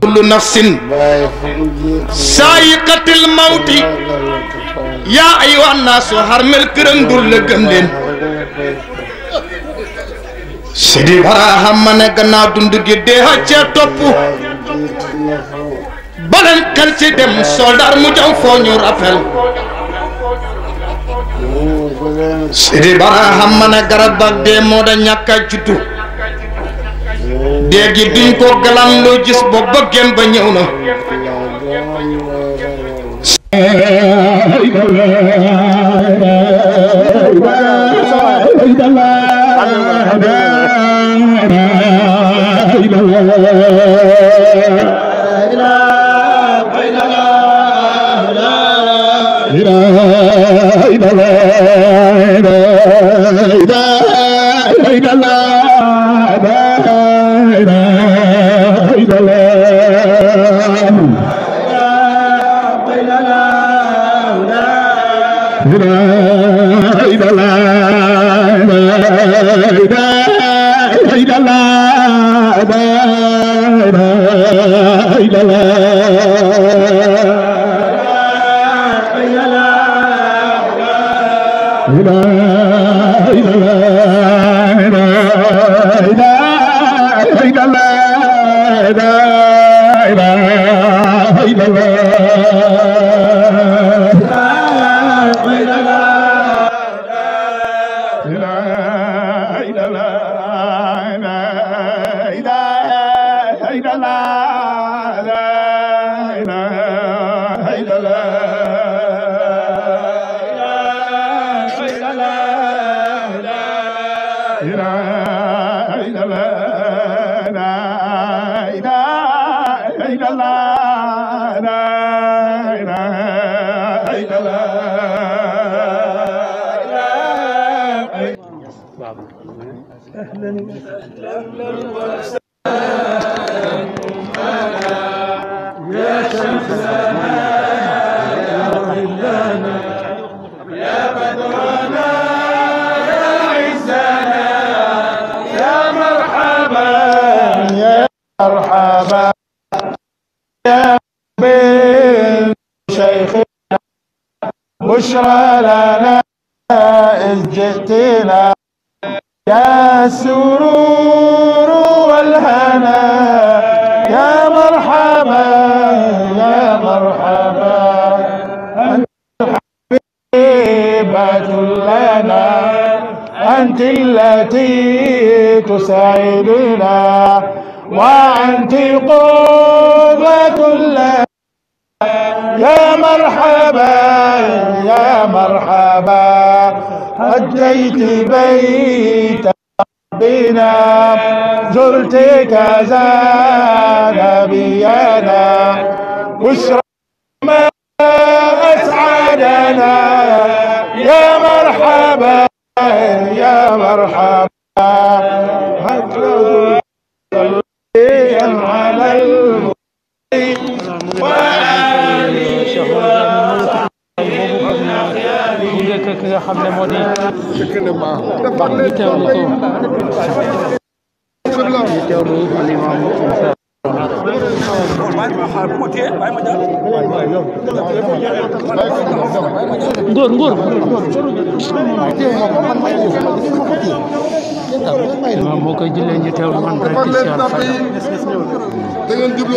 kullu nafsin saayiqatil mawti yaa ayyuha naasu xarmel këram dur la gëm leen sidi baraham ma ne gannaaw dund gi dee hacce topp baleen kan ci dem soldaar mu jaw foo ñu rappel sidi baraham ma ne garab ak dee moo da ñàkk a juddu dee gi duñ ko galan lu gis ba bëggeen ba حي لا لا إله إلا الله la وفاء يا بين شيخنا بشرى لنا إذ جئتنا يا سرور والهنا يا مرحبا يا مرحبا أنت الحبيبة لنا أنت التي تساعدنا وأنت قوة الله يا مرحبا يا مرحبا حجيت بيت بنا زرت كذا نبينا بشرى gouvernement. ñu teewlu ko. ñu teewlu limaam Ngor ngor koy jëlee man rek ci da ngeen jublu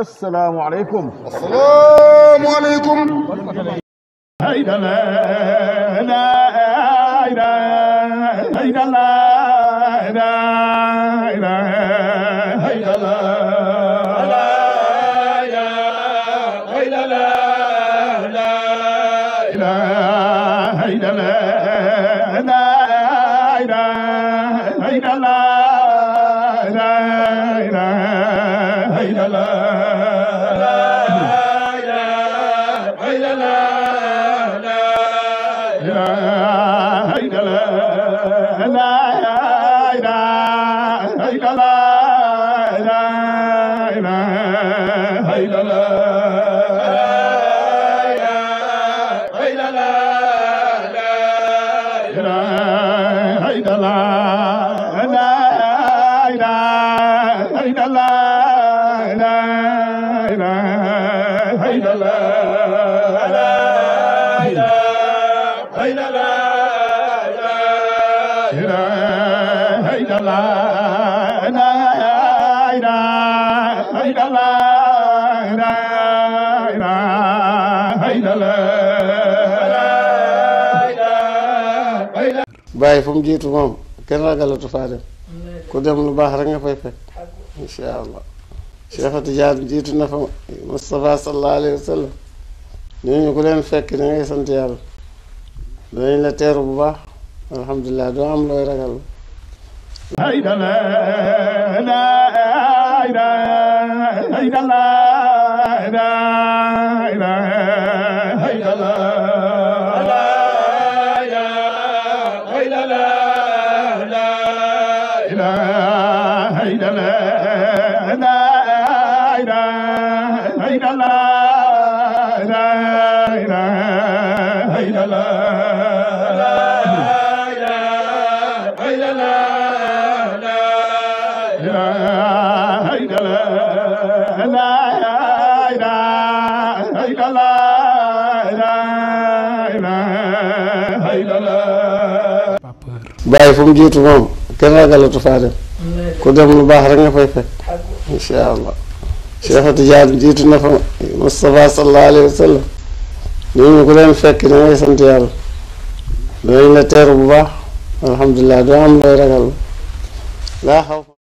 asalaamualeykum. asalaamualeykum. haydala haydala haydala haydala haydala إلا الله لا إله إلا الله bàyyi fu mu moom kenn ragalatu faa dem ku dem lu baax rek fay fekk incha Cheikh Tidiane jiitu na fa Moustapha sallallahu alayhi wa sallam ku leen fekk da ngay sant yàlla danañ la teeru bu baax alhamdulilah doo am looy ragal la. إله fu mu jiitu moom kenn ragalatu faa dem ku dem lu baax rek nga fay fekk incha allah Cheikh Tidiane jiitu na fa Moustapha sallallahu alayhi wa ñooñu ku leen fekk da ngay sant yàlla danañ la teeru bu baax alhamdulilah doo am looy ragal